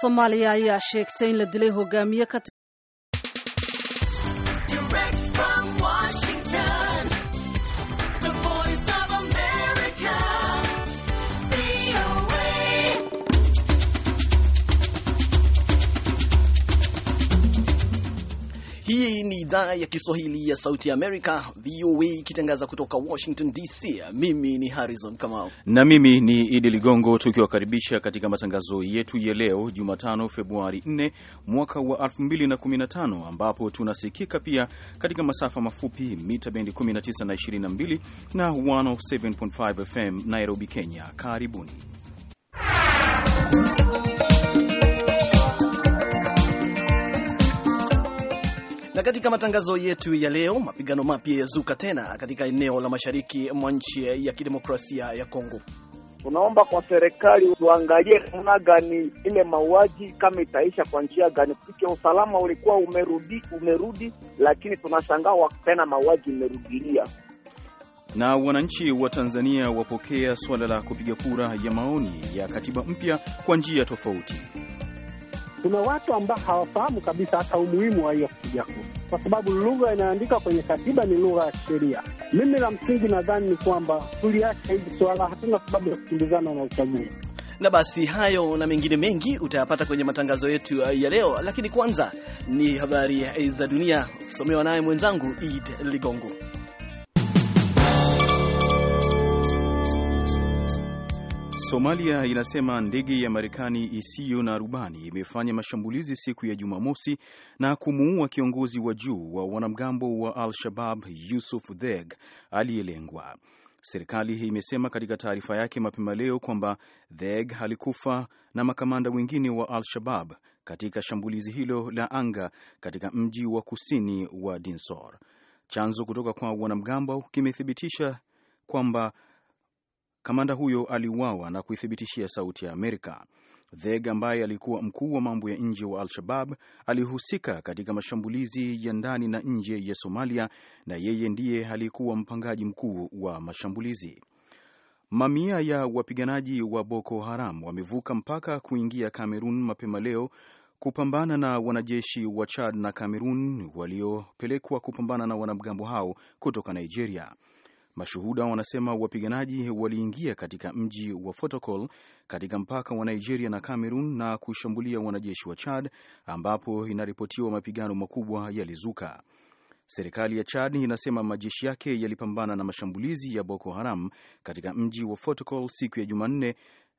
soomaaliya ayaa sheegtay in la dilay hogaamiye ka Hii ni idhaa ya Kiswahili ya Sauti Amerika, VOA, ikitangaza kutoka Washington DC. Mimi ni Harrison Kamau na mimi ni Idi Ligongo, tukiwakaribisha katika matangazo yetu ya leo Jumatano, Februari 4 mwaka wa 2015, ambapo tunasikika pia katika masafa mafupi mita bendi 19 na 22 na 107.5 FM Nairobi, Kenya. Karibuni Na katika matangazo yetu ya leo, mapigano mapya yazuka tena katika eneo la mashariki mwa nchi ya kidemokrasia ya Kongo. Tunaomba kwa serikali tuangalie namna gani ile mauaji kama itaisha kwa njia gani, kufikia usalama ulikuwa umerudi umerudi, lakini tunashangaa tena mauaji imerudilia. Na wananchi wa Tanzania wapokea suala la kupiga kura ya maoni ya katiba mpya kwa njia tofauti kuna watu ambao hawafahamu kabisa hata umuhimu wa hiyo kupiga kura, kwa sababu lugha inayoandika kwenye katiba ni lugha ya sheria. Mimi la msingi nadhani ni kwamba tuliacha hizi swala, hatuna sababu ya kukimbizana na uchaguzi. Na basi hayo na mengine mengi utayapata kwenye matangazo yetu ya leo, lakini kwanza ni habari za dunia ukisomewa naye mwenzangu Id Ligongo. Somalia inasema ndege ya Marekani isiyo na rubani imefanya mashambulizi siku ya Jumamosi na kumuua kiongozi wa juu wa wanamgambo wa Al-Shabab Yusuf dheg aliyelengwa. Serikali imesema katika taarifa yake mapema leo kwamba theg alikufa na makamanda wengine wa Al-Shabab katika shambulizi hilo la anga katika mji wa kusini wa Dinsor. Chanzo kutoka kwa wanamgambo kimethibitisha kwamba Kamanda huyo aliuawa na kuithibitishia Sauti ya Amerika. Theg ambaye alikuwa mkuu wa mambo ya nje wa Al-Shabab alihusika katika mashambulizi ya ndani na nje ya Somalia na yeye ndiye aliyekuwa mpangaji mkuu wa mashambulizi. Mamia ya wapiganaji wa Boko Haram wamevuka mpaka kuingia Kamerun mapema leo kupambana na wanajeshi wa Chad na Kamerun waliopelekwa kupambana na wanamgambo hao kutoka Nigeria. Mashuhuda wanasema wapiganaji waliingia katika mji wa Fotokol katika mpaka wa Nigeria na Cameroon na kushambulia wanajeshi wa Chad, ambapo inaripotiwa mapigano makubwa yalizuka. Serikali ya Chad inasema majeshi yake yalipambana na mashambulizi ya Boko Haram katika mji wa Fotokol siku ya Jumanne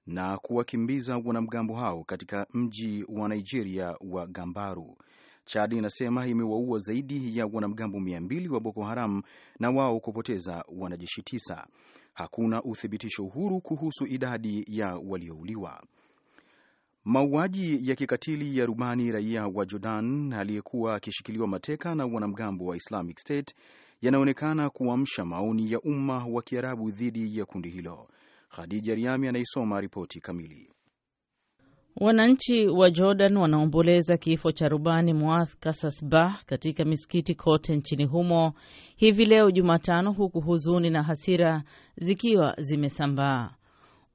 na kuwakimbiza wanamgambo hao katika mji wa Nigeria wa Gambaru. Chad inasema imewaua zaidi ya wanamgambo 200 wa Boko Haram na wao kupoteza wanajeshi tisa. Hakuna uthibitisho uhuru kuhusu idadi ya waliouliwa. Mauaji ya kikatili ya rubani raia wa Jordan aliyekuwa akishikiliwa mateka na wanamgambo wa Islamic State yanaonekana kuamsha maoni ya umma wa Kiarabu dhidi ya kundi hilo. Khadija Riami anaisoma ripoti kamili. Wananchi wa Jordan wanaomboleza kifo cha rubani Muath Kasasbah katika misikiti kote nchini humo hivi leo Jumatano, huku huzuni na hasira zikiwa zimesambaa.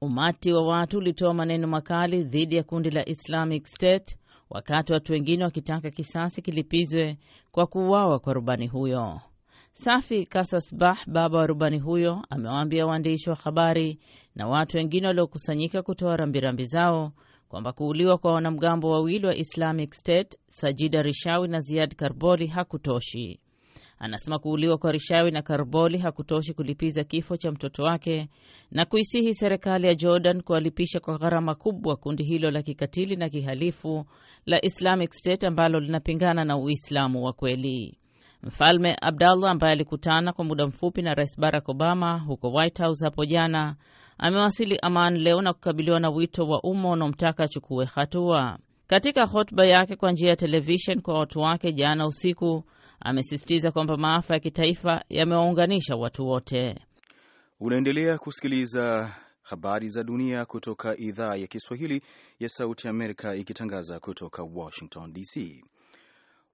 Umati wa watu ulitoa maneno makali dhidi ya kundi la Islamic State, wakati watu wengine wakitaka kisasi kilipizwe kwa kuuawa kwa rubani huyo. Safi Kasasbah, baba wa rubani huyo, amewaambia waandishi wa habari na watu wengine waliokusanyika kutoa rambirambi zao kwamba kuuliwa kwa wanamgambo wawili wa Islamic State Sajida Rishawi na Ziad Karboli hakutoshi. Anasema kuuliwa kwa Rishawi na Karboli hakutoshi kulipiza kifo cha mtoto wake na kuisihi serikali ya Jordan kuwalipisha kwa gharama kubwa kundi hilo la kikatili na kihalifu la Islamic State ambalo linapingana na Uislamu wa kweli. Mfalme Abdallah ambaye alikutana kwa muda mfupi na Rais Barack Obama huko White House hapo jana amewasili Aman leo na kukabiliwa na wito wa umma unaomtaka achukue hatua. Katika hotuba yake kwa njia ya televishen kwa watu wake jana usiku, amesisitiza kwamba maafa ya kitaifa yamewaunganisha watu wote. Unaendelea kusikiliza habari za dunia kutoka idhaa ya Kiswahili ya Sauti Amerika, ikitangaza kutoka Washington DC.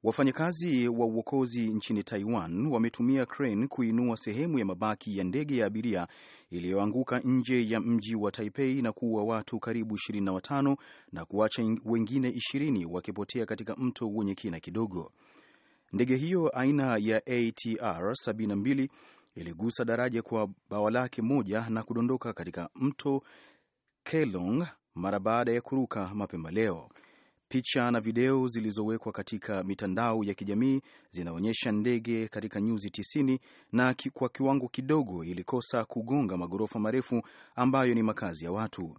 Wafanyakazi wa uokozi nchini Taiwan wametumia crane kuinua sehemu ya mabaki ya ndege ya abiria iliyoanguka nje ya mji wa Taipei na kuua watu karibu 25 na kuacha wengine 20 wakipotea katika mto wenye kina kidogo. Ndege hiyo aina ya ATR 72 iligusa daraja kwa bawa lake moja na kudondoka katika mto Kelong mara baada ya kuruka mapema leo. Picha na video zilizowekwa katika mitandao ya kijamii zinaonyesha ndege katika nyuzi tisini na kwa kiwango kidogo ilikosa kugonga maghorofa marefu ambayo ni makazi ya watu.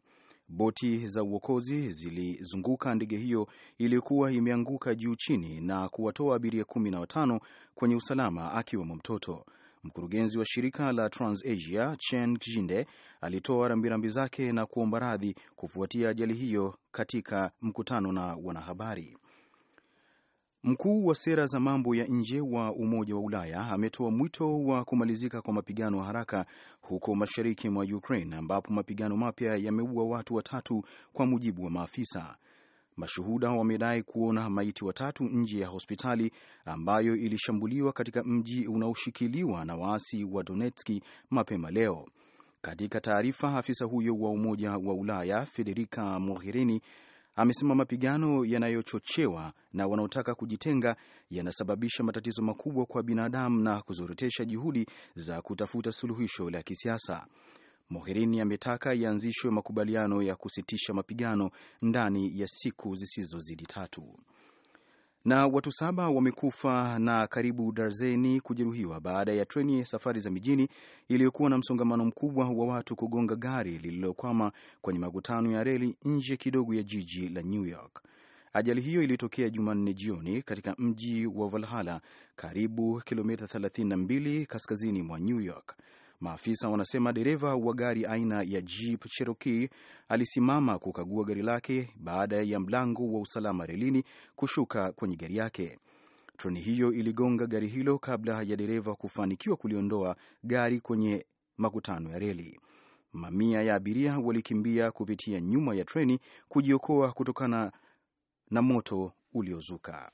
Boti za uokozi zilizunguka ndege hiyo iliyokuwa imeanguka juu chini na kuwatoa abiria kumi na watano kwenye usalama akiwemo mtoto. Mkurugenzi wa shirika la TransAsia Chen Jinde alitoa rambirambi zake na kuomba radhi kufuatia ajali hiyo katika mkutano na wanahabari. Mkuu wa sera za mambo ya nje wa Umoja wa Ulaya ametoa mwito wa kumalizika kwa mapigano haraka huko mashariki mwa Ukraine ambapo mapigano mapya yameua watu watatu kwa mujibu wa maafisa. Mashuhuda wamedai kuona maiti watatu nje ya hospitali ambayo ilishambuliwa katika mji unaoshikiliwa na waasi wa Donetski mapema leo. Katika taarifa, afisa huyo wa Umoja wa Ulaya Federica Mogherini amesema mapigano yanayochochewa na wanaotaka kujitenga yanasababisha matatizo makubwa kwa binadamu na kuzorotesha juhudi za kutafuta suluhisho la kisiasa. Mogherini ametaka yaanzishwe makubaliano ya kusitisha mapigano ndani ya siku zisizozidi tatu. Na watu saba wamekufa na karibu darzeni kujeruhiwa baada ya treni ya safari za mijini iliyokuwa na msongamano mkubwa wa watu kugonga gari lililokwama kwenye makutano ya reli nje kidogo ya jiji la New York. Ajali hiyo ilitokea Jumanne jioni katika mji wa Valhalla, karibu kilomita 32 kaskazini mwa New York. Maafisa wanasema dereva wa gari aina ya Jeep Cherokee alisimama kukagua gari lake baada ya mlango wa usalama relini kushuka kwenye gari yake. Treni hiyo iligonga gari hilo kabla ya dereva kufanikiwa kuliondoa gari kwenye makutano ya reli. Mamia ya abiria walikimbia kupitia nyuma ya treni kujiokoa kutokana na moto uliozuka.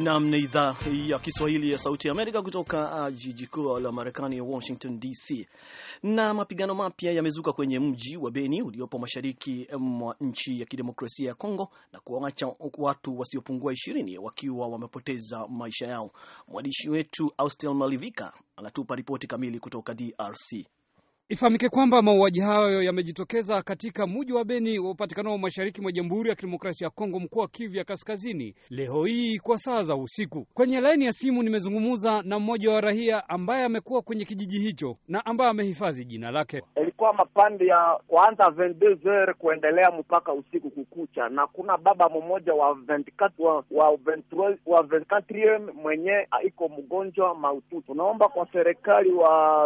Nam ni idhaa ya Kiswahili ya Sauti ya Amerika kutoka ah, jiji kuu la Marekani ya Washington DC. Na mapigano mapya yamezuka kwenye mji wa Beni uliopo mashariki eh, mwa nchi ya kidemokrasia ya Kongo na kuwaacha watu wasiopungua ishirini wakiwa wamepoteza maisha yao. Mwandishi wetu Austel Malivika anatupa ripoti kamili kutoka DRC. Ifahamike kwamba mauaji hayo yamejitokeza katika muji wa Beni wa upatikanao mashariki mwa Jamhuri ya Kidemokrasia ya Kongo, mkoa wa Kivu ya Kaskazini, leo hii kwa saa za usiku. Kwenye laini ya simu nimezungumza na mmoja wa rahia ambaye amekuwa kwenye kijiji hicho na ambaye amehifadhi jina lake. Ilikuwa mapande ya kuanza 22h kuendelea mpaka usiku kukucha, na kuna baba mmoja wa 24 wa, wa 23 wa 24 e mwenye iko mgonjwa maututu. Naomba kwa serikali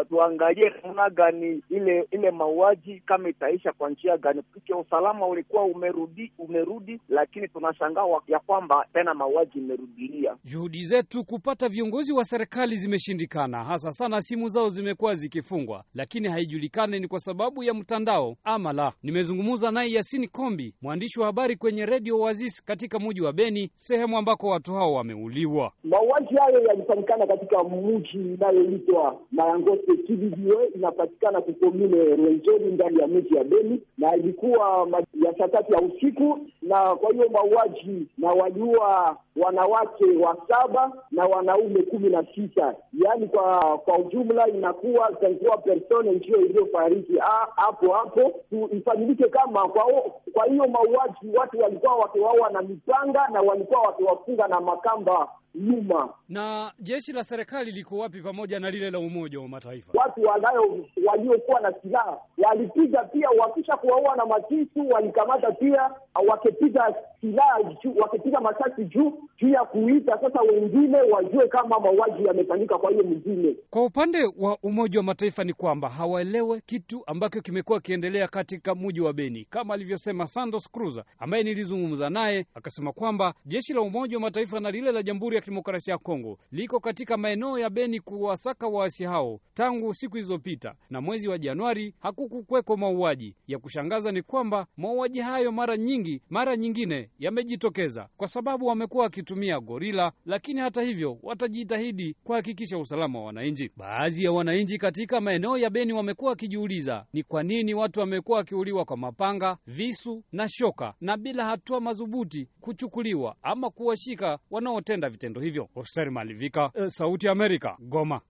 tuangalie namna gani ile ile mauaji kama itaisha kwa njia gani? kwa usalama ulikuwa umerudi umerudi, lakini tunashangaa ya kwamba tena mauaji imerudilia. Juhudi zetu kupata viongozi wa serikali zimeshindikana, hasa sana simu zao zimekuwa zikifungwa, lakini haijulikani ni kwa sababu ya mtandao ama la. Nimezungumza naye Yasini Kombi, mwandishi wa habari kwenye redio Wazis katika mji wa Beni, sehemu ambako watu hao wameuliwa. Mauaji hayo yalifanyikana katika mji inayoitwa Mayangote, Kibiviwe, inapatikana kukomine Rwenzori ndani ya mji ya Beni, na ilikuwa ya saa tatu ya usiku. Na kwa hiyo mauaji na waliua wanawake wa saba na wanaume kumi na sita, yaani kwa kwa ujumla inakuwa zitakuwa persone njio iliyofariki hapo hapo. Ifanyilike kama kwa kwa hiyo mauaji watu walikuwa wakiwaua na mipanga na walikuwa wakiwafunga na makamba nyuma. Na jeshi la serikali liko wapi pamoja na lile la Umoja wa Mataifa? Watu wanayo waliokuwa na silaha walipiga pia, wakisha kuwaua na matisu walikamata pia, wakipiga silaha juu, wakipiga masasi juu juu ya kuita sasa wengine wajue kama mauaji yamefanyika. Kwa hiyo mwingine, kwa upande wa Umoja wa Mataifa ni kwamba hawaelewe kitu ambacho kimekuwa kiendelea katika mji wa Beni, kama alivyosema Sandos Cruiser ambaye nilizungumza naye, akasema kwamba jeshi la Umoja wa Mataifa na lile la Jamhuri ya Kidemokrasia ya Kongo liko katika maeneo ya Beni kuwasaka waasi hao tangu siku ilizopita na mwezi wa Januari hakukukweko mauaji. Ya kushangaza ni kwamba mauaji hayo mara nyingi mara nyingine yamejitokeza kwa sababu wamekuwa wakitumia gorila, lakini hata hivyo watajitahidi kuhakikisha usalama wa wananchi. Baadhi ya wananchi katika maeneo ya Beni wamekuwa wakijiuliza ni kwa nini watu wamekuwa wakiuliwa kwa mapanga, visu na shoka na bila hatua madhubuti kuchukuliwa ama kuwashika wanaotenda vitendo vitendo hivyo. Hoser Malivika, eh, Sauti ya Amerika, Goma.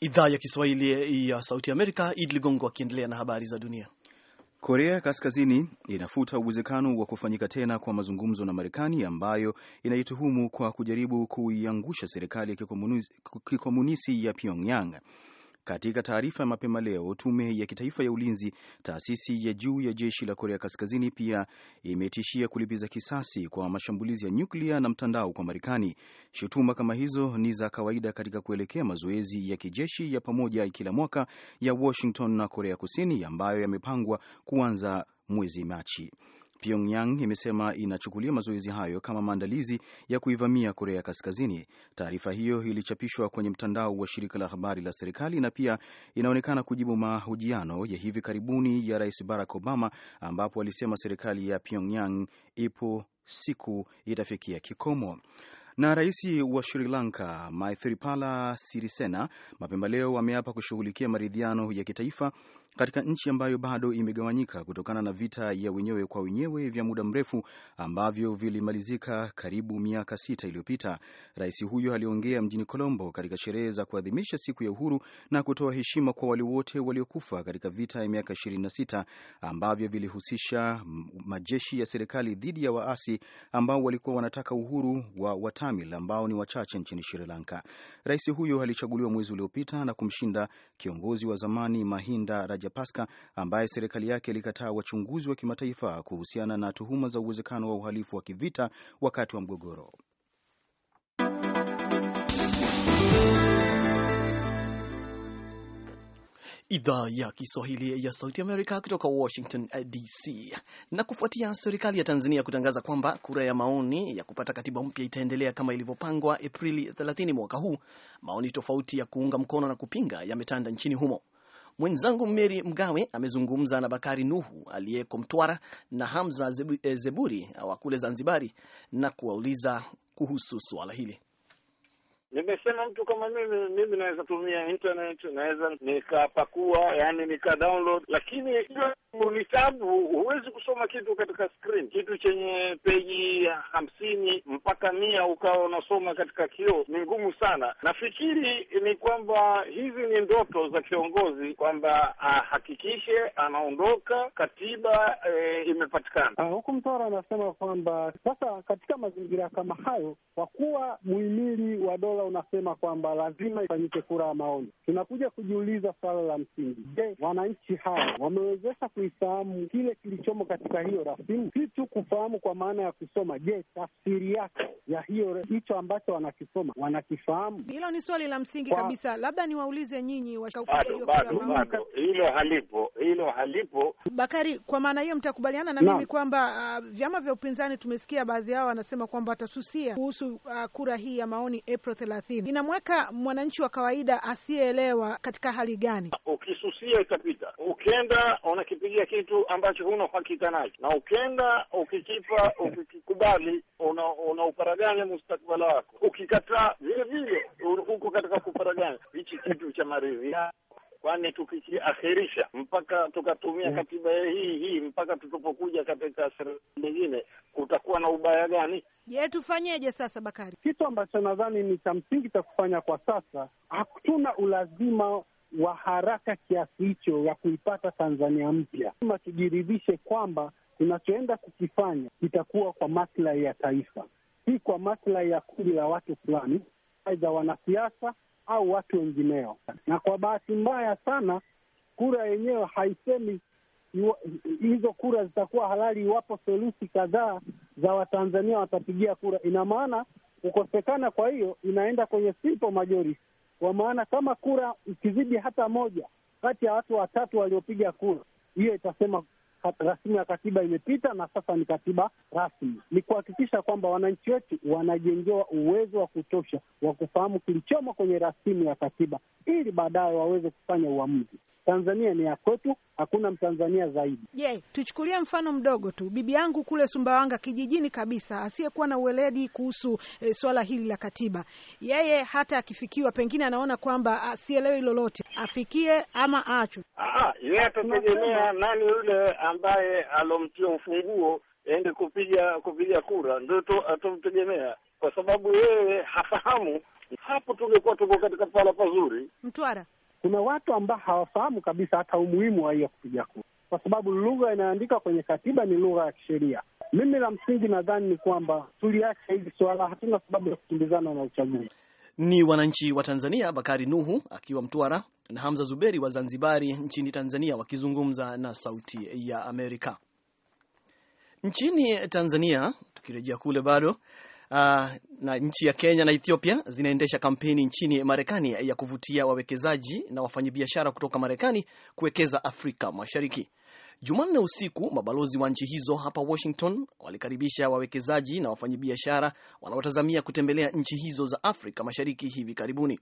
Idhaa ya Kiswahili eh, ya Sauti Amerika. Idi Ligongo akiendelea na habari za dunia. Korea Kaskazini inafuta uwezekano wa kufanyika tena kwa mazungumzo na Marekani ambayo inaituhumu kwa kujaribu kuiangusha serikali ya kikomunisi ya Pyongyang. Katika taarifa ya mapema leo, tume ya kitaifa ya ulinzi, taasisi ya juu ya jeshi la Korea Kaskazini, pia imetishia kulipiza kisasi kwa mashambulizi ya nyuklia na mtandao kwa Marekani. Shutuma kama hizo ni za kawaida katika kuelekea mazoezi ya kijeshi ya pamoja kila mwaka ya Washington na Korea Kusini ambayo yamepangwa kuanza mwezi Machi. Pyongyang imesema inachukulia mazoezi hayo kama maandalizi ya kuivamia Korea Kaskazini. Taarifa hiyo ilichapishwa kwenye mtandao wa shirika la habari la serikali na pia inaonekana kujibu mahojiano ya hivi karibuni ya Rais Barack Obama, ambapo alisema serikali ya Pyongyang ipo siku itafikia kikomo na rais wa Sri Lanka Maithripala Sirisena mapema leo ameapa kushughulikia maridhiano ya kitaifa katika nchi ambayo bado imegawanyika kutokana na vita ya wenyewe kwa wenyewe vya muda mrefu ambavyo vilimalizika karibu miaka sita iliyopita. Rais huyo aliongea mjini Colombo katika sherehe za kuadhimisha siku ya uhuru na kutoa heshima kwa wale wote waliokufa katika vita ya miaka 26 ambavyo vilihusisha majeshi ya serikali dhidi ya waasi ambao walikuwa wanataka uhuru wa Watamil ambao ni wachache nchini Sri Lanka. Rais huyo alichaguliwa mwezi uliopita na kumshinda kiongozi wa zamani Mahinda Raja Mkwaja Pasca ambaye serikali yake ilikataa wachunguzi wa kimataifa kuhusiana na tuhuma za uwezekano wa uhalifu wa kivita wakati wa mgogoro. Idhaa ya Kiswahili ya Sauti Amerika kutoka Washington eh, DC. Na kufuatia serikali ya Tanzania kutangaza kwamba kura ya maoni ya kupata katiba mpya itaendelea kama ilivyopangwa Aprili 30 mwaka huu, maoni tofauti ya kuunga mkono na kupinga yametanda nchini humo. Mwenzangu Meri Mgawe amezungumza na Bakari Nuhu aliyeko Mtwara na Hamza eh, Zeburi wa kule Zanzibari na kuwauliza kuhusu suala hili. Nimesema mtu kama mimi, mimi naweza tumia internet, naweza nikapakua, yani nika download, lakini ni tabu. Huwezi kusoma kitu katika screen, kitu chenye peji hamsini mpaka mia ukawa unasoma katika kioo, ni ngumu sana. Nafikiri ni kwamba hizi ni ndoto za kiongozi kwamba ahakikishe anaondoka katiba e, imepatikana. Ah, huku Mtoro anasema kwamba sasa katika mazingira kama hayo, kwa kuwa muhimili wa dola unasema kwamba lazima ifanyike kura ya maoni, tunakuja kujiuliza swala la msingi. Je, wananchi hawa wamewezesha kuifahamu kile kilichomo katika hiyo rasimu? Si tu kufahamu kwa maana ya kusoma. Je, tafsiri yake ya hiyo hicho ambacho wanakisoma wanakifahamu? Hilo ni swali la msingi kwa... kabisa. Labda niwaulize nyinyi hilo halipo, hilo halipo. Bakari, kwa maana hiyo mtakubaliana na mimi kwamba uh, vyama vya upinzani tumesikia baadhi yao wanasema kwamba watasusia kuhusu uh, kura hii ya maoni April thelathini inamweka mwananchi wa kawaida asiyeelewa katika hali gani? Ukisusia itapita, ukenda unakipigia kitu ambacho huna uhakika nacho, na ukenda ukikipa, ukikikubali unauparaganya una mustakbala wako, ukikataa vile vile uko katika kuparaganya hichi kitu cha maridhiano kwani tukikiakhirisha mpaka tukatumia mm. katiba hii hii mpaka tutakapokuja katika serikali nyingine kutakuwa na ubaya gani? Je, tufanyeje sasa, Bakari? Kitu ambacho nadhani ni cha msingi cha kufanya kwa sasa, hatuna ulazima wa haraka kiasi hicho ya kuipata Tanzania mpya. Lazima tujiridhishe kwamba tunachoenda kukifanya kitakuwa kwa maslahi ya taifa, si kwa maslahi ya kundi la watu fulani, aidha wanasiasa au watu wengineo. Na kwa bahati mbaya sana, kura yenyewe haisemi hizo kura zitakuwa halali iwapo theluthi kadhaa za Watanzania watapigia kura. Ina maana kukosekana, kwa hiyo inaenda kwenye simple majority, kwa maana kama kura ikizidi hata moja kati ya watu watatu waliopiga kura, hiyo itasema rasimu ya katiba imepita na sasa ni katiba rasmi. Ni kuhakikisha kwamba wananchi wetu wanajengewa uwezo wa kutosha wa kufahamu kilichomo kwenye rasimu ya katiba ili baadaye waweze kufanya uamuzi. Tanzania ni ya kwetu, hakuna mtanzania zaidi. Je, yeah, tuchukulie mfano mdogo tu, bibi yangu kule Sumbawanga kijijini kabisa, asiyekuwa na ueledi kuhusu e, swala hili la katiba, yeye hata akifikiwa, pengine anaona kwamba asielewi ah, lolote, afikie ama achwe. Ah, ah, yeye atategemea nani yule ambaye alomtia ufunguo ende kupiga kupiga kura, ndio atamtegemea kwa sababu yeye hafahamu. Hapo tungekuwa tuko katika pala pazuri. Mtwara kuna watu ambao hawafahamu kabisa hata umuhimu wa hiyo kupiga kura, kwa sababu lugha inayoandika kwenye katiba ni lugha ya kisheria. Mimi la msingi nadhani ni kwamba tuliacha hili suala, hatuna sababu ya kukimbizana na uchaguzi. Ni wananchi wa Tanzania, Bakari Nuhu akiwa Mtwara na Hamza Zuberi wa Zanzibari nchini Tanzania, wakizungumza na Sauti ya Amerika nchini Tanzania. Tukirejea kule bado Uh, na nchi ya Kenya na Ethiopia zinaendesha kampeni nchini Marekani ya kuvutia wawekezaji na wafanyabiashara kutoka Marekani kuwekeza Afrika Mashariki. Jumanne usiku, mabalozi wa nchi hizo hapa Washington walikaribisha wawekezaji na wafanyabiashara wanaotazamia kutembelea nchi hizo za Afrika Mashariki hivi karibuni.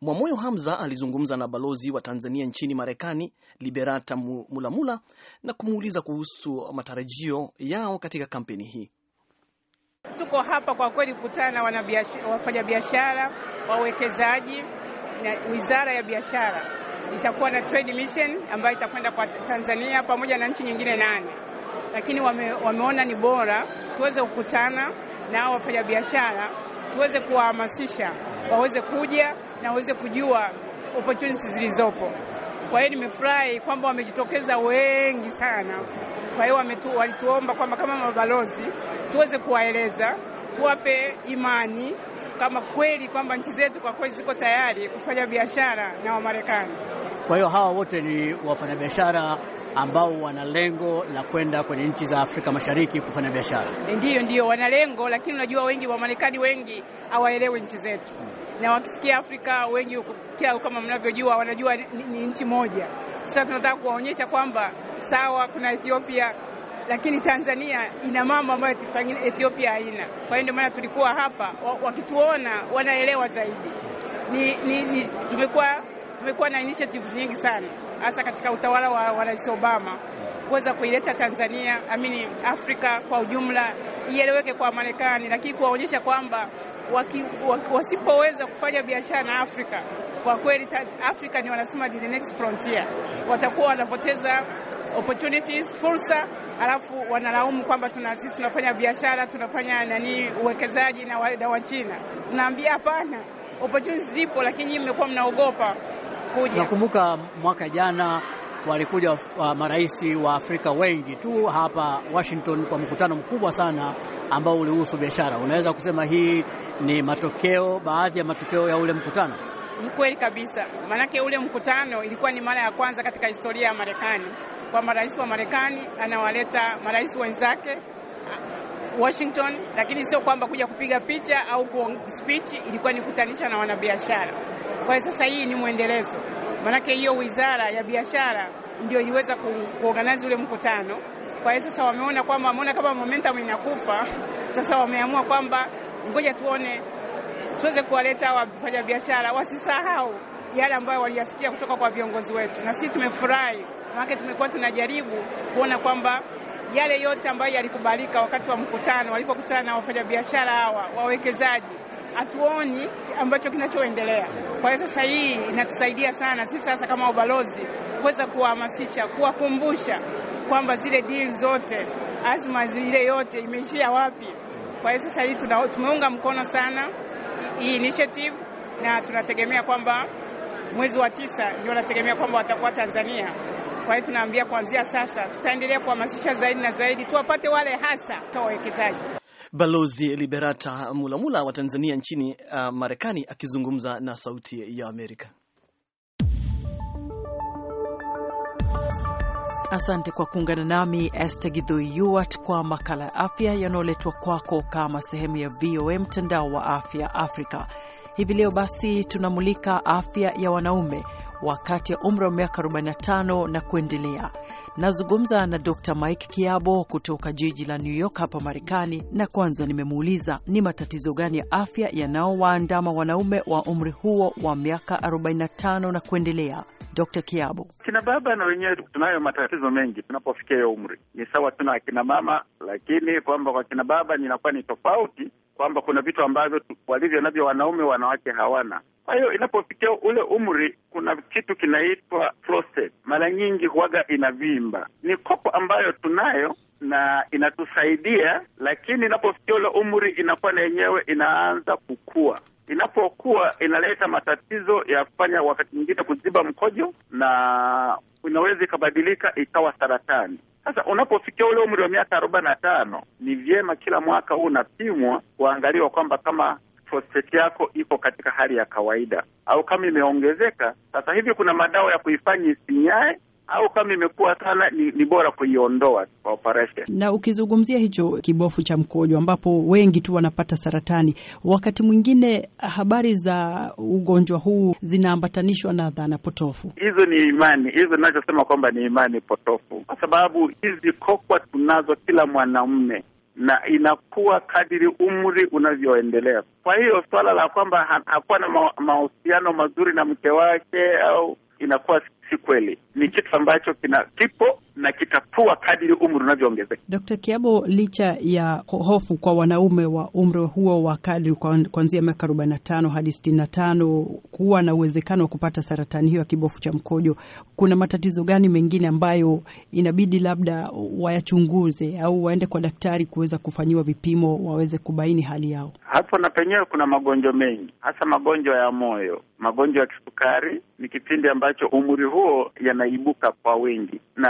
Mwamoyo Hamza alizungumza na balozi wa Tanzania nchini Marekani, Liberata Mulamula, na kumuuliza kuhusu matarajio yao katika kampeni hii. Tuko hapa kwa kweli kukutana na wafanyabiashara, wawekezaji na wizara ya biashara. Itakuwa na trade mission ambayo itakwenda kwa Tanzania pamoja na nchi nyingine nane, lakini wame, wameona ni bora tuweze kukutana na wafanyabiashara tuweze kuwahamasisha waweze kuja na waweze kujua opportunities zilizopo. Kwa hiyo nimefurahi kwamba wamejitokeza wengi sana kwa hiyo walituomba kwamba kama mabalozi tuweze kuwaeleza, tuwape imani kama kweli kwamba nchi zetu kwa kweli ziko tayari kufanya biashara na Wamarekani. Kwa hiyo hawa wote ni wafanyabiashara ambao wana lengo la kwenda kwenye nchi za Afrika Mashariki kufanya biashara. E, ndiyo, ndiyo wana lengo, lakini unajua wengi Wamarekani wengi hawaelewi nchi zetu hmm. na wakisikia Afrika wengi kia, kama mnavyojua wanajua ni, ni nchi moja. Sasa tunataka kuwaonyesha kwamba sawa, kuna Ethiopia lakini Tanzania ina mambo ambayo pengine Ethiopia haina. Kwa hiyo ndio maana tulikuwa hapa, wakituona wanaelewa zaidi. Ni, ni, ni tumekuwa tumekuwa na initiatives nyingi sana hasa katika utawala wa Rais Obama kuweza kuileta Tanzania amini Afrika kwa ujumla ieleweke kwa Marekani, lakini kuwaonyesha kwamba wasipoweza kufanya biashara na Afrika kwa kweli Afrika ni wanasema the next frontier, watakuwa wanapoteza opportunities, fursa alafu wanalaumu kwamba tuna sisi tunafanya biashara tunafanya nani uwekezaji na Wachina. Tunaambia hapana, opportunities zipo, lakini mmekuwa mnaogopa kuja. Nakumbuka mwaka jana walikuja uh, marais wa Afrika wengi tu hapa Washington kwa mkutano mkubwa sana ambao ulihusu biashara. Unaweza kusema hii ni matokeo, baadhi ya matokeo ya ule mkutano? Ni kweli kabisa, maanake ule mkutano ilikuwa ni mara ya kwanza katika historia ya Marekani kwamba rais wa Marekani anawaleta marais wenzake uh, Washington, lakini sio kwamba kuja kupiga picha au speech, ilikuwa ni kukutanisha na wanabiashara. Kwa hiyo sasa hii ni mwendelezo, maanake hiyo wizara ya biashara ndio iliweza kuorganize ule mkutano. Kwa hiyo sasa wameona kwamba wameona kama momentum inakufa, sasa wameamua kwamba ngoja tuone tuweze kuwaleta wafanya biashara wasisahau yale ambayo waliyasikia kutoka kwa viongozi wetu, na sisi tumefurahi. Maana tumekuwa tunajaribu kuona kwamba yale yote ambayo yalikubalika wakati wa mkutano walipokutana na wafanyabiashara hawa wawekezaji, hatuoni ambacho kinachoendelea. Kwa hiyo sasa hii inatusaidia sana sisi sasa kama ubalozi kuweza kuwahamasisha, kuwakumbusha kwamba zile deal zote, azma ile yote imeishia wapi. Kwa hiyo sasa hii tumeunga mkono sana hii initiative na tunategemea kwamba mwezi wa tisa ndio wanategemea kwamba watakuwa Tanzania kwa hiyo tunaambia kuanzia sasa tutaendelea kuhamasisha zaidi na zaidi, tuwapate wale hasa toa wawekezaji. Balozi Liberata Mulamula wa Tanzania nchini uh, Marekani akizungumza na Sauti ya Amerika. Asante kwa kuungana nami Estegidhyuat kwa makala ya afya yanayoletwa kwako kama sehemu ya VOA mtandao wa afya Afrika. Hivi leo basi tunamulika afya ya wanaume wakati ya umri wa miaka 45 na kuendelea. Nazungumza na Dr. Mike Kiabo kutoka jiji la New York hapa Marekani, na kwanza nimemuuliza ni matatizo gani ya afya yanaowaandama wanaume wa umri huo wa miaka 45 na kuendelea. Dr. Kiabo, kina baba na wenyewe tunayo matatizo mengi tunapofikia hiyo umri. Ni sawa tuna akina mama, lakini kwamba kwa kina baba ninakuwa ni tofauti kwamba kuna vitu ambavyo walivyo navyo wanaume, wanawake hawana. Kwa hiyo inapofikia ule umri, kuna kitu kinaitwa prostate, mara nyingi huwaga inavimba. Ni kopo ambayo tunayo na inatusaidia, lakini inapofikia ule umri inakuwa na yenyewe inaanza kukua inapokuwa inaleta matatizo ya kufanya wakati mwingine kuziba mkojo na inaweza ikabadilika ikawa saratani. Sasa unapofikia ule umri wa miaka arobaini na tano ni vyema kila mwaka huu unapimwa kuangaliwa kwamba kama prostate yako iko katika hali ya kawaida au kama imeongezeka. Sasa hivi kuna madawa ya kuifanya isinyae au kama imekuwa sana ni, ni bora kuiondoa kwa operation. Na ukizungumzia hicho kibofu cha mkojo ambapo wengi tu wanapata saratani, wakati mwingine habari za ugonjwa huu zinaambatanishwa na dhana potofu. Hizo ni imani, hizo ninachosema kwamba ni imani potofu, kwa sababu hizi kokwa tunazo kila mwanamume na inakuwa kadiri umri unavyoendelea. Kwa hiyo swala la kwamba hakuwa na mahusiano mazuri na mke wake au inakuwa si kweli, ni kitu ambacho kina kipo na kitapua kadiri umri unavyoongezeka. Dr. Kiabo, licha ya hofu kwa wanaume wa umri huo wa kadri kuanzia miaka arobaini na tano hadi sitini na tano kuwa na uwezekano wa kupata saratani hiyo ya kibofu cha mkojo, kuna matatizo gani mengine ambayo inabidi labda wayachunguze au waende kwa daktari kuweza kufanyiwa vipimo waweze kubaini hali yao? Hapo na penyewe kuna magonjwa mengi, hasa magonjwa ya moyo, magonjwa ya kisukari. Ni kipindi ambacho umri huu huo yanaibuka kwa wengi na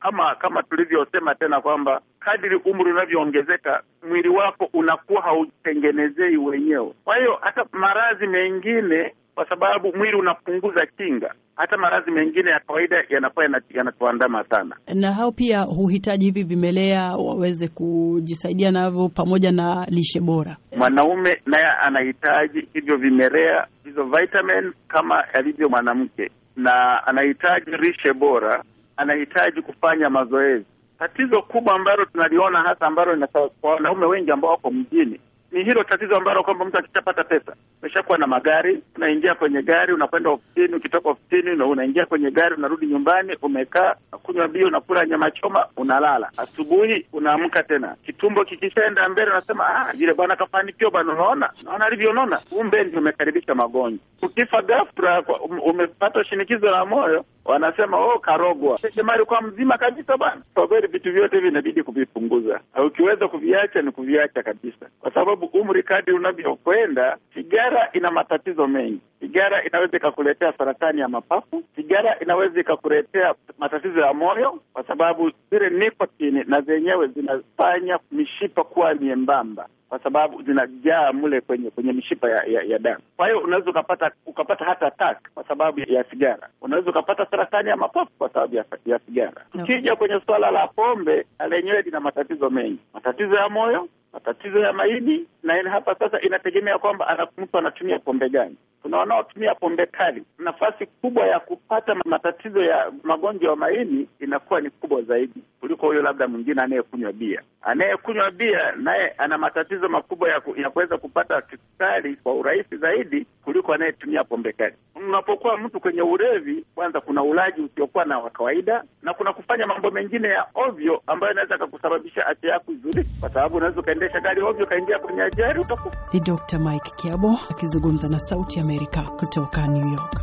kama kama tulivyosema tena kwamba kadiri umri unavyoongezeka mwili wako unakuwa hautengenezei wenyewe. Kwa hiyo hata maradhi mengine, kwa sababu mwili unapunguza kinga, hata maradhi mengine ya kawaida yanakuwa yanatuandama sana, na hao pia huhitaji hivi vimelea waweze kujisaidia navyo, pamoja na lishe bora. Mwanaume naye anahitaji hivyo vimelea, hizo vitamin kama yalivyo mwanamke na anahitaji lishe bora, anahitaji kufanya mazoezi. Tatizo kubwa ambalo tunaliona hasa ambalo kwa wanaume wengi ambao wako mjini ni hilo tatizo ambalo kwamba mtu akishapata pesa umeshakuwa na magari, unaingia kwenye gari unakwenda ofisini, ukitoka ofisini na unaingia kwenye gari unarudi nyumbani, umekaa nakunywa bia, unakula nyama choma, unalala. Asubuhi unaamka tena, kitumbo kikishaenda mbele unasema ah, yule bwana kafanikiwa bana, Unaona, naona alivyonona, kumbe ndio umekaribisha magonjwa. Ukifa ghafla, um- umepata shinikizo la moyo wanasema oh, karogwa shemari kwa mzima kabisa bwana. Kwa kweli vitu vyote hivi inabidi kuvipunguza, ukiweza kuviacha ni kuviacha kabisa, kwa sababu umri kadri unavyokwenda, sigara ina matatizo mengi. Sigara inaweza ikakuletea saratani ya mapafu, sigara inaweza ikakuletea matatizo ya moyo, kwa sababu zile nikotini na zenyewe zinafanya mishipa kuwa miembamba kwa sababu zinajaa mle kwenye kwenye mishipa ya, ya, ya damu. Kwa hiyo unaweza ukapata ukapata hata attack kwa sababu ya sigara, unaweza ukapata saratani ya mapafu kwa sababu ya, ya sigara. Tukija okay, kwenye suala la pombe na lenyewe lina matatizo mengi, matatizo ya moyo matatizo ya maini, na hapa sasa inategemea kwamba mtu anatumia pombe gani. Kuna wanaotumia pombe kali, nafasi kubwa ya kupata matatizo ya magonjwa ya maini inakuwa ni kubwa zaidi kuliko huyo labda mwingine anayekunywa bia. Anayekunywa bia naye ana matatizo makubwa ya, ku, ya kuweza kupata kisukari kwa urahisi zaidi kuliko anayetumia pombe kali. Unapokuwa mtu kwenye ulevi, kwanza kuna ulaji usiokuwa na wa kawaida na kuna kufanya mambo mengine ya ovyo ambayo inaweza kakusababisha afya yako izuri, kwa sababu unaweza ukiendesha gari ovyo ukaingia kwenye ajali utakufa. Ni Dr. Mike Kiabo akizungumza na Sauti ya Amerika kutoka New York.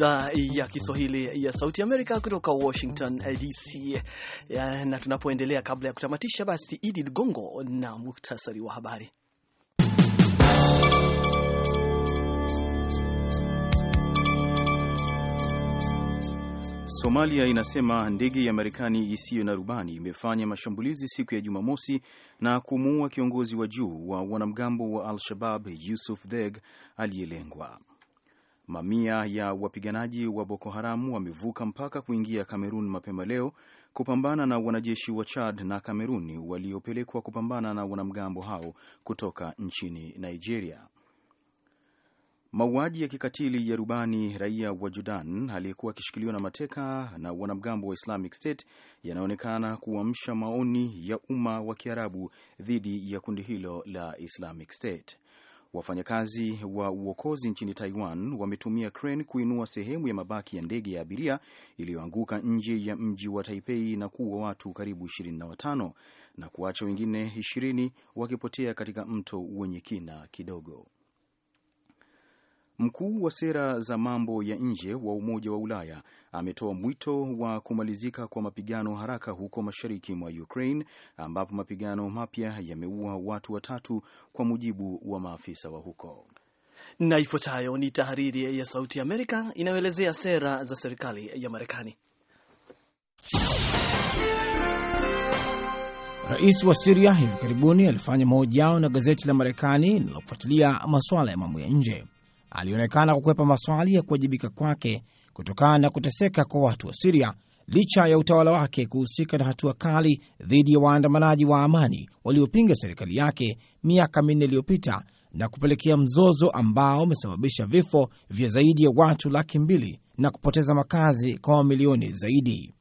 idhaa ya Kiswahili ya Sauti Amerika kutoka Washington eh, DC, na tunapoendelea, kabla ya kutamatisha, basi Idi Ligongo na muktasari wa habari. Somalia inasema ndege ya Marekani isiyo na rubani imefanya mashambulizi siku ya Jumamosi na kumuua kiongozi wa juu wa wanamgambo wa Al-Shabab Yusuf Deg aliyelengwa. Mamia ya wapiganaji wa Boko Haram wamevuka mpaka kuingia Kamerun mapema leo kupambana na wanajeshi wa Chad na Kameruni waliopelekwa kupambana na wanamgambo hao kutoka nchini Nigeria. Mauaji ya kikatili ya rubani raia wa judan aliyekuwa akishikiliwa na mateka na wanamgambo wa Islamic State yanaonekana kuamsha maoni ya umma wa Kiarabu dhidi ya kundi hilo la Islamic State. Wafanyakazi wa uokozi nchini Taiwan wametumia crane kuinua sehemu ya mabaki ya ndege ya abiria iliyoanguka nje ya mji wa Taipei na kuua watu karibu 25 na kuacha wengine 20 wakipotea katika mto wenye kina kidogo. Mkuu wa sera za mambo ya nje wa Umoja wa Ulaya ametoa mwito wa kumalizika kwa mapigano haraka huko mashariki mwa Ukraine ambapo mapigano mapya yameua watu watatu kwa mujibu wa maafisa wa huko. Na ifuatayo ni tahariri ya Sauti ya Amerika inayoelezea sera za serikali ya Marekani. Rais wa Siria hivi karibuni alifanya mahojiano na gazeti la Marekani linalofuatilia masuala ya mambo ya nje alionekana kukwepa maswali ya kuwajibika kwake kutokana na kuteseka kwa watu wa Siria licha ya utawala wake kuhusika na hatua kali dhidi ya waandamanaji wa amani waliopinga serikali yake miaka minne iliyopita na kupelekea mzozo ambao umesababisha vifo vya zaidi ya watu laki mbili na kupoteza makazi kwa mamilioni zaidi.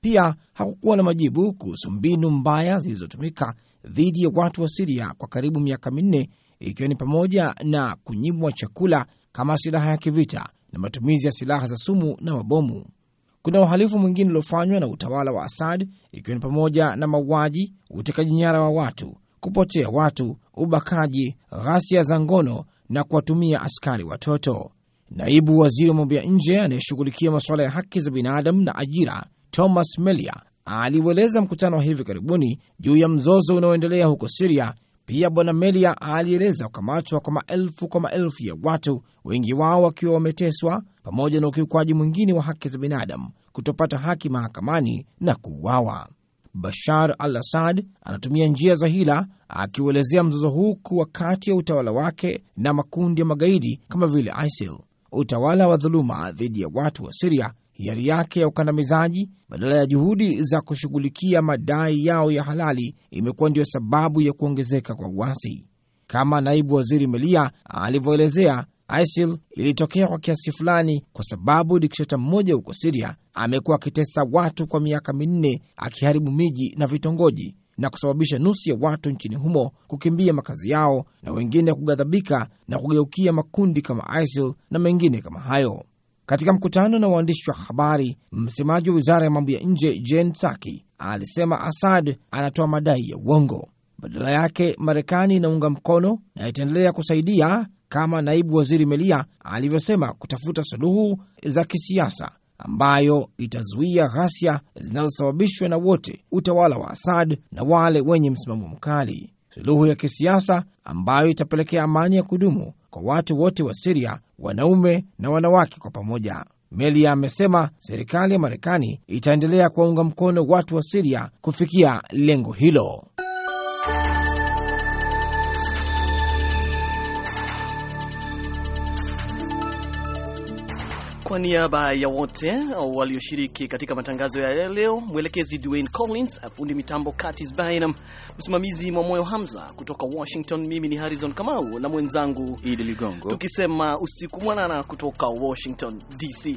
Pia hakukuwa na majibu kuhusu mbinu mbaya zilizotumika dhidi ya watu wa Siria kwa karibu miaka minne ikiwa ni pamoja na kunyimwa chakula kama silaha ya kivita na matumizi ya silaha za sumu na mabomu. Kuna uhalifu mwingine uliofanywa na utawala wa Asad ikiwa ni pamoja na mauaji, utekaji nyara wa watu, kupotea watu, ubakaji, ghasia za ngono na kuwatumia askari watoto. Naibu waziri wa mambo ya nje anayeshughulikia masuala ya haki za binadamu na ajira, Thomas Melia, aliueleza mkutano wa hivi karibuni juu ya mzozo unaoendelea huko Siria pia Bwana Melia alieleza kukamatwa kwa maelfu kwa maelfu ya watu, wengi wao wakiwa wameteswa, pamoja na ukiukwaji mwingine wa haki za binadamu, kutopata haki mahakamani na kuuawa. Bashar al Assad anatumia njia za hila, akiuelezea mzozo huu kuwa kati ya utawala wake na makundi ya magaidi kama vile ISIL utawala wa dhuluma dhidi ya watu wa Siria, hiari yake ya ukandamizaji, badala ya juhudi za kushughulikia madai yao ya halali, imekuwa ndiyo sababu ya kuongezeka kwa uasi. Kama naibu waziri Melia alivyoelezea, ISIL ilitokea kwa kiasi fulani kwa sababu dikteta mmoja huko Siria amekuwa akitesa watu kwa miaka minne, akiharibu miji na vitongoji na kusababisha nusu ya watu nchini humo kukimbia makazi yao na wengine kughadhabika na kugeukia makundi kama ISIL na mengine kama hayo. Katika mkutano na waandishi wa habari, msemaji wa wizara ya mambo ya nje Jen Psaki alisema Assad anatoa madai ya uongo. Badala yake, Marekani inaunga mkono na itaendelea kusaidia, kama naibu waziri Melia alivyosema, kutafuta suluhu za kisiasa ambayo itazuia ghasia zinazosababishwa na wote, utawala wa Asad na wale wenye msimamo mkali, suluhu ya kisiasa ambayo itapelekea amani ya kudumu kwa watu wote wa Siria, wanaume na wanawake kwa pamoja. Melia amesema serikali ya Marekani itaendelea kuwaunga mkono watu wa Siria kufikia lengo hilo. Kwa niaba ya wote walioshiriki katika matangazo ya leo, mwelekezi Dwayne Collins, afundi mitambo Curtis Bynum, msimamizi moyo Hamza kutoka Washington, mimi ni Harrison Kamau na mwenzangu Idi Ligongo, tukisema usiku mwanana kutoka Washington DC.